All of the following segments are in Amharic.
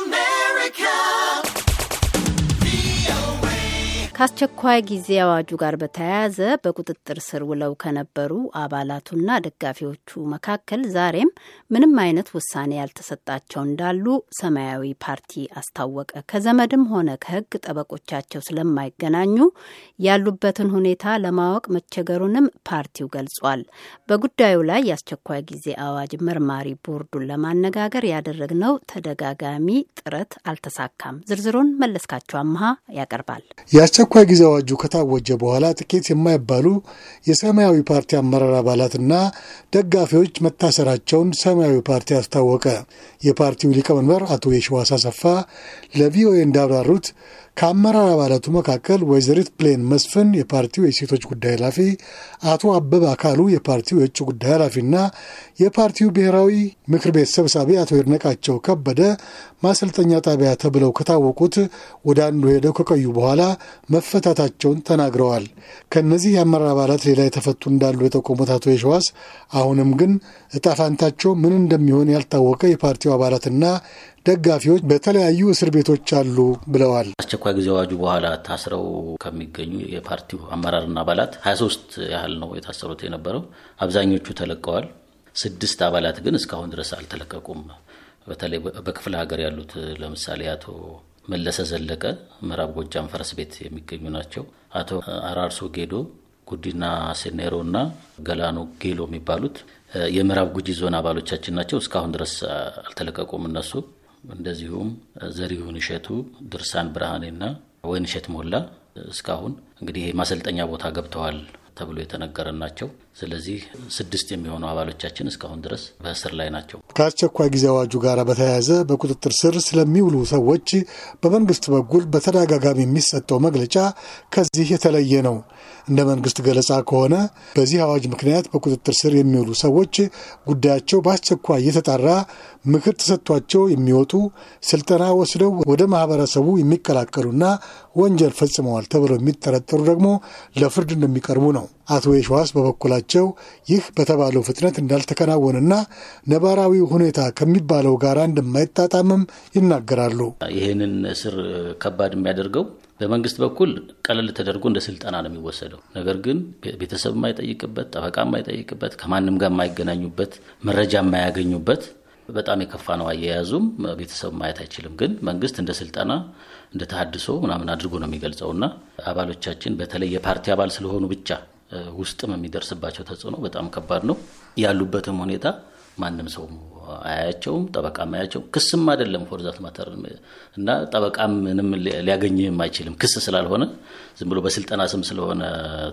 the man. ከአስቸኳይ ጊዜ አዋጁ ጋር በተያያዘ በቁጥጥር ስር ውለው ከነበሩ አባላቱና ደጋፊዎቹ መካከል ዛሬም ምንም አይነት ውሳኔ ያልተሰጣቸው እንዳሉ ሰማያዊ ፓርቲ አስታወቀ። ከዘመድም ሆነ ከሕግ ጠበቆቻቸው ስለማይገናኙ ያሉበትን ሁኔታ ለማወቅ መቸገሩንም ፓርቲው ገልጿል። በጉዳዩ ላይ የአስቸኳይ ጊዜ አዋጅ መርማሪ ቦርዱን ለማነጋገር ያደረግነው ተደጋጋሚ ጥረት አልተሳካም። ዝርዝሩን መለስካቸው አምሃ ያቀርባል። የአስቸኳይ ጊዜ አዋጁ ከታወጀ በኋላ ጥቂት የማይባሉ የሰማያዊ ፓርቲ አመራር አባላትና ደጋፊዎች መታሰራቸውን ሰማያዊ ፓርቲ አስታወቀ። የፓርቲው ሊቀመንበር አቶ የሸዋስ አሰፋ ለቪኦኤ እንዳብራሩት ከአመራር አባላቱ መካከል ወይዘሪት ፕሌን መስፍን የፓርቲው የሴቶች ጉዳይ ኃላፊ፣ አቶ አበብ አካሉ የፓርቲው የውጭ ጉዳይ ኃላፊና የፓርቲው ብሔራዊ ምክር ቤት ሰብሳቢ አቶ ይድነቃቸው ከበደ ማሰልጠኛ ጣቢያ ተብለው ከታወቁት ወደ አንዱ ሄደው ከቆዩ በኋላ መፈታታቸውን ተናግረዋል። ከእነዚህ የአመራር አባላት ሌላ የተፈቱ እንዳሉ የጠቆሙት አቶ የሸዋስ አሁንም ግን እጣፋንታቸው ምን እንደሚሆን ያልታወቀ የፓርቲው አባላትና ደጋፊዎች በተለያዩ እስር ቤቶች አሉ ብለዋል። አስቸኳይ ጊዜ አዋጁ በኋላ ታስረው ከሚገኙ የፓርቲው አመራርና አባላት 23 ያህል ነው የታሰሩት የነበረው። አብዛኞቹ ተለቀዋል። ስድስት አባላት ግን እስካሁን ድረስ አልተለቀቁም። በተለይ በክፍለ ሀገር ያሉት ለምሳሌ አቶ መለሰ ዘለቀ ምዕራብ ጎጃም ፈረስ ቤት የሚገኙ ናቸው። አቶ አራርሶ ጌዶ፣ ጉዲና ሴኔሮ እና ገላኖ ጌሎ የሚባሉት የምዕራብ ጉጂ ዞን አባሎቻችን ናቸው። እስካሁን ድረስ አልተለቀቁም እነሱ እንደዚሁም ዘሪሁን እሸቱ፣ ድርሳን ብርሃኔና እሸት ሞላ እስካሁን እንግዲህ ማሰልጠኛ ቦታ ገብተዋል ተብሎ የተነገረን ናቸው። ስለዚህ ስድስት የሚሆኑ አባሎቻችን እስካሁን ድረስ በእስር ላይ ናቸው። ከአስቸኳይ ጊዜ አዋጁ ጋር በተያያዘ በቁጥጥር ስር ስለሚውሉ ሰዎች በመንግስት በኩል በተደጋጋሚ የሚሰጠው መግለጫ ከዚህ የተለየ ነው። እንደ መንግስት ገለጻ ከሆነ በዚህ አዋጅ ምክንያት በቁጥጥር ስር የሚውሉ ሰዎች ጉዳያቸው በአስቸኳይ እየተጣራ ምክር ተሰጥቷቸው የሚወጡ ስልጠና ወስደው ወደ ማህበረሰቡ የሚቀላቀሉና ወንጀል ፈጽመዋል ተብለው የሚጠረጠሩ ደግሞ ለፍርድ እንደሚቀርቡ ነው። አቶ የሸዋስ በበኩላቸው ይህ በተባለው ፍጥነት እንዳልተከናወነና ነባራዊ ሁኔታ ከሚባለው ጋር እንደማይጣጣምም ይናገራሉ። ይህንን እስር ከባድ የሚያደርገው በመንግስት በኩል ቀለል ተደርጎ እንደ ስልጠና ነው የሚወሰደው። ነገር ግን ቤተሰብ የማይጠይቅበት፣ ጠበቃ የማይጠይቅበት፣ ከማንም ጋር የማይገናኙበት፣ መረጃ የማያገኙበት በጣም የከፋ ነው። አያያዙም ቤተሰብ ማየት አይችልም። ግን መንግስት እንደ ስልጠና እንደ ተሃድሶ ምናምን አድርጎ ነው የሚገልጸውና አባሎቻችን በተለይ የፓርቲ አባል ስለሆኑ ብቻ ውስጥም የሚደርስባቸው ተጽዕኖ በጣም ከባድ ነው። ያሉበትም ሁኔታ ማንም ሰው አያቸውም፣ ጠበቃም አያቸውም። ክስም አይደለም ፎርዛት ማተር እና ጠበቃ ምንም ሊያገኝህም አይችልም። ክስ ስላልሆነ ዝም ብሎ በስልጠና ስም ስለሆነ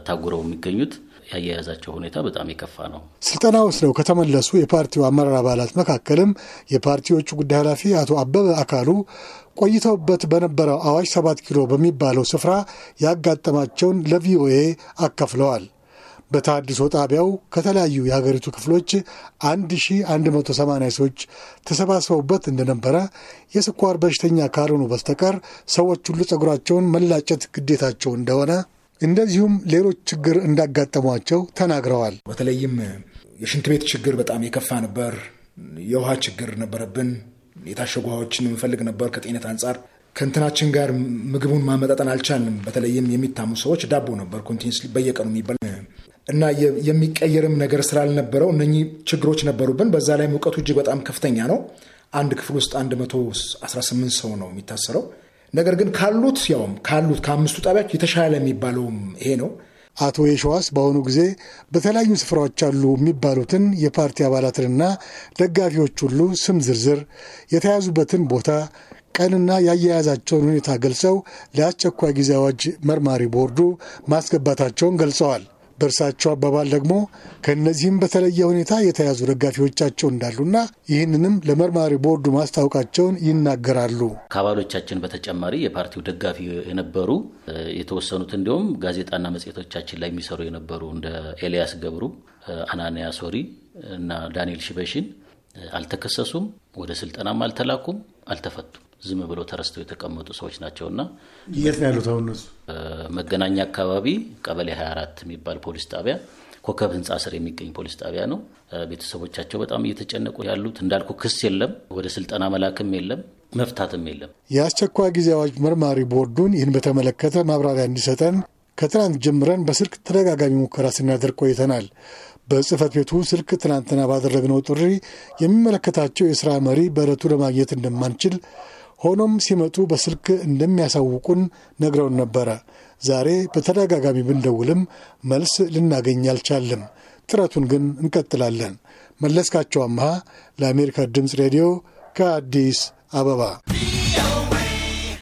ታጉረው የሚገኙት ያያያዛቸው ሁኔታ በጣም የከፋ ነው። ስልጠና ወስደው ከተመለሱ የፓርቲው አመራር አባላት መካከልም የፓርቲዎቹ ጉዳይ ኃላፊ አቶ አበበ አካሉ ቆይተውበት በነበረው አዋሽ ሰባት ኪሎ በሚባለው ስፍራ ያጋጠማቸውን ለቪኦኤ አካፍለዋል። በተሃድሶ ጣቢያው ከተለያዩ የሀገሪቱ ክፍሎች 1180 ሰዎች ተሰባስበውበት እንደነበረ የስኳር በሽተኛ ካልሆኑ በስተቀር ሰዎች ሁሉ ጸጉራቸውን መላጨት ግዴታቸው እንደሆነ እንደዚሁም ሌሎች ችግር እንዳጋጠሟቸው ተናግረዋል። በተለይም የሽንት ቤት ችግር በጣም የከፋ ነበር። የውሃ ችግር ነበረብን። የታሸጉ ውሃዎችን የምፈልግ ነበር ከጤነት አንጻር ከእንትናችን ጋር ምግቡን ማመጣጠን አልቻልንም። በተለይም የሚታሙ ሰዎች ዳቦ ነበር ኮንቲኒስ በየቀኑ የሚበላ እና የሚቀየርም ነገር ስላልነበረው እነኚህ ችግሮች ነበሩብን። በዛ ላይ ሙቀቱ እጅግ በጣም ከፍተኛ ነው። አንድ ክፍል ውስጥ 118 ሰው ነው የሚታሰረው። ነገር ግን ካሉት ያውም ካሉት ከአምስቱ ጣቢያዎች የተሻለ የሚባለውም ይሄ ነው። አቶ የሸዋስ በአሁኑ ጊዜ በተለያዩ ስፍራዎች አሉ የሚባሉትን የፓርቲ አባላትንና ደጋፊዎች ሁሉ ስም ዝርዝር፣ የተያዙበትን ቦታ፣ ቀንና ያያያዛቸውን ሁኔታ ገልጸው ለአስቸኳይ ጊዜ አዋጅ መርማሪ ቦርዱ ማስገባታቸውን ገልጸዋል። በእርሳቸው አባባል ደግሞ ከእነዚህም በተለየ ሁኔታ የተያዙ ደጋፊዎቻቸው እንዳሉና ይህንንም ለመርማሪ ቦርዱ ማስታወቃቸውን ይናገራሉ። ከአባሎቻችን በተጨማሪ የፓርቲው ደጋፊ የነበሩ የተወሰኑት እንዲሁም ጋዜጣና መጽሔቶቻችን ላይ የሚሰሩ የነበሩ እንደ ኤልያስ ገብሩ፣ አናንያ ሶሪ እና ዳንኤል ሽበሽን አልተከሰሱም፣ ወደ ስልጠናም አልተላኩም፣ አልተፈቱም። ዝም ብሎ ተረስተው የተቀመጡ ሰዎች ናቸውና የት ነው ያሉት? አሁን እነሱ መገናኛ አካባቢ ቀበሌ 24 የሚባል ፖሊስ ጣቢያ ኮከብ ህንፃ ስር የሚገኝ ፖሊስ ጣቢያ ነው። ቤተሰቦቻቸው በጣም እየተጨነቁ ያሉት እንዳልኩ ክስ የለም፣ ወደ ስልጠና መላክም የለም፣ መፍታትም የለም። የአስቸኳይ ጊዜ አዋጅ መርማሪ ቦርዱን ይህን በተመለከተ ማብራሪያ እንዲሰጠን ከትናንት ጀምረን በስልክ ተደጋጋሚ ሙከራ ስናደርግ ቆይተናል። በጽህፈት ቤቱ ስልክ ትናንትና ባደረግነው ጥሪ የሚመለከታቸው የስራ መሪ በዕለቱ ለማግኘት እንደማንችል ሆኖም ሲመጡ በስልክ እንደሚያሳውቁን ነግረውን ነበረ። ዛሬ በተደጋጋሚ ብንደውልም መልስ ልናገኝ አልቻለም። ጥረቱን ግን እንቀጥላለን። መለስካቸው አምሃ ለአሜሪካ ድምፅ ሬዲዮ ከአዲስ አበባ